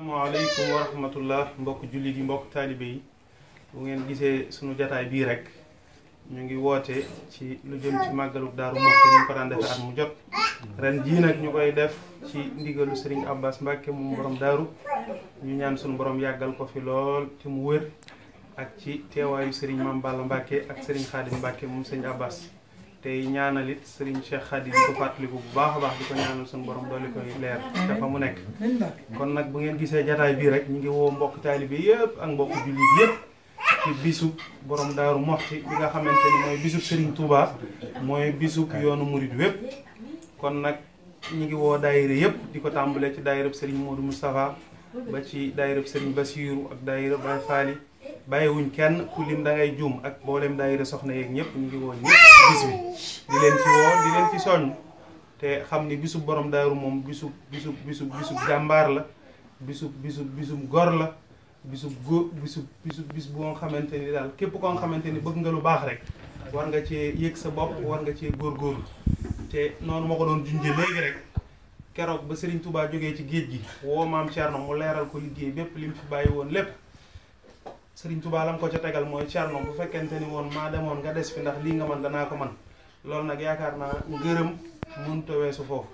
asalaamaaleykum wa rahmatullah mbokk jullit yi mbokk taalibe yi bu ngeen gisee sunu jataay bii rek ñu ngi woote ci lu jëm ci màggalu Daaru Muxti ni ko daan defee at mu jot ren jii nag ñu koy def ci ndigalu sëriñ Abbas Mbacke moom borom daaru ñu ñaan sunu borom yàggal ko fi lool ci mu wër ak ci teewaayu sëriñ Mame Balla Mbacke ak Serigne Khadim Mbacke moom Serigne Abbas tey ñaanal it Serigne Cheikh Khadim ko fàttaliku bu baax a baax di ko ñaanal suñu borom doole koy leer dafa mu nekk. kon nag bu ngeen gisee jataay bii rek ñu ngi woo mbokk taalibe yëpp ak mbokk jullit yëpp ci bisu borom daaru moxti bi nga xam xamante ni mooy bisu Serigne Touba mooy bisu yoonu murid wépp kon nag ñu ngi woo daayira yëpp di ko tàmbalee ci daayirab Serigne Modou Moustapha ba ci daayirab Serigne Bassirou ak daayira Baye kenn ku lim da juum ak mboolem daayira soxna yeeg ñëpp ñu ngi woo ñëpp. bis bi leen ci woo di leen ci soññ te xam ni bisu borom daaru moom bisu bisu bisub bisub jàmbaar la bisub bisub bisub gor la bisub góor bisub bisub bis bu xamante ni daal képp ko nga xamante ni bëgg nga lu baax rek war nga cee yëg sa bopp war nga cee góorgóorlu te noonu moo ko doon junjee léegi rek keroog ba Serigne Touba jógee ci géej gi woo maam Thierno mu leeral ko liggéey bépp li mu fi bàyyi woon lépp Serigne Touba ko ca tegal mooy Thierno bu fekkente ni woon maa demoon nga des fi ndax lii nga man danaa ko man loolu nag yaakaar naa ngërëm mënut a weesu foofu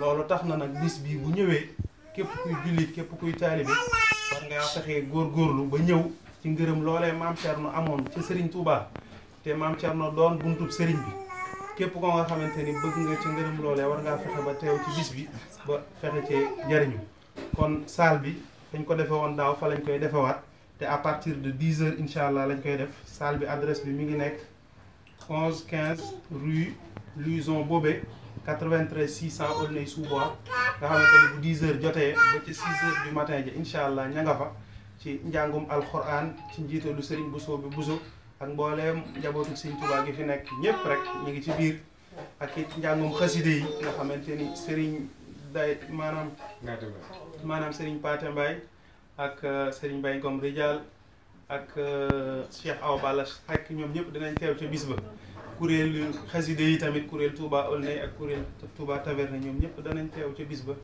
loolu tax na nag bis bii bu ñëwee képp kuy jullit képp kuy taalibe war ngaa fexee góorgóorlu ba ñëw ci ngërëm loolee maam Thierno amoon ca Serigne Touba te maam Thierno doon buntub Serigne bi. képp ko nga xamante ni bëgg ci ngërëm loolee fexe ba teew ci bis bi ba fexe cee jariñu kon saal bi dañ ko defe woon daaw fa lañ koy defewaat te à partir de 10 heures incha allah lañ koy def salle bi adresse bi mu ngi nekk 11 15 rue Luison Bobé 93 600 Aulnay-sous-Bois nga xamante ni bu 10 heures jotee ba ci 6 heures du matin ji incha allah ña nga fa ci njàngum alxuraan ci njiitalu Serigne Bousso bi Bousso ak mbooleem njabootu Serigne Touba gi fi nekk ñëpp rek ñu ngi ci biir ak it njàngum xaside yi nga xamante ni Serigne day maanaam maanaam Serigne Pathé Mbaye ak euh, Serigne Baye Ngom Rijal ak euh, Cheikh Awa Balla Seck ñoom ñëpp dinañ teew ca bis ba kuréel xaside yi tamit kuréel Touba Aulnay ak kuréel Touba Taverne ñoom ñëpp danañ teew ca bis ba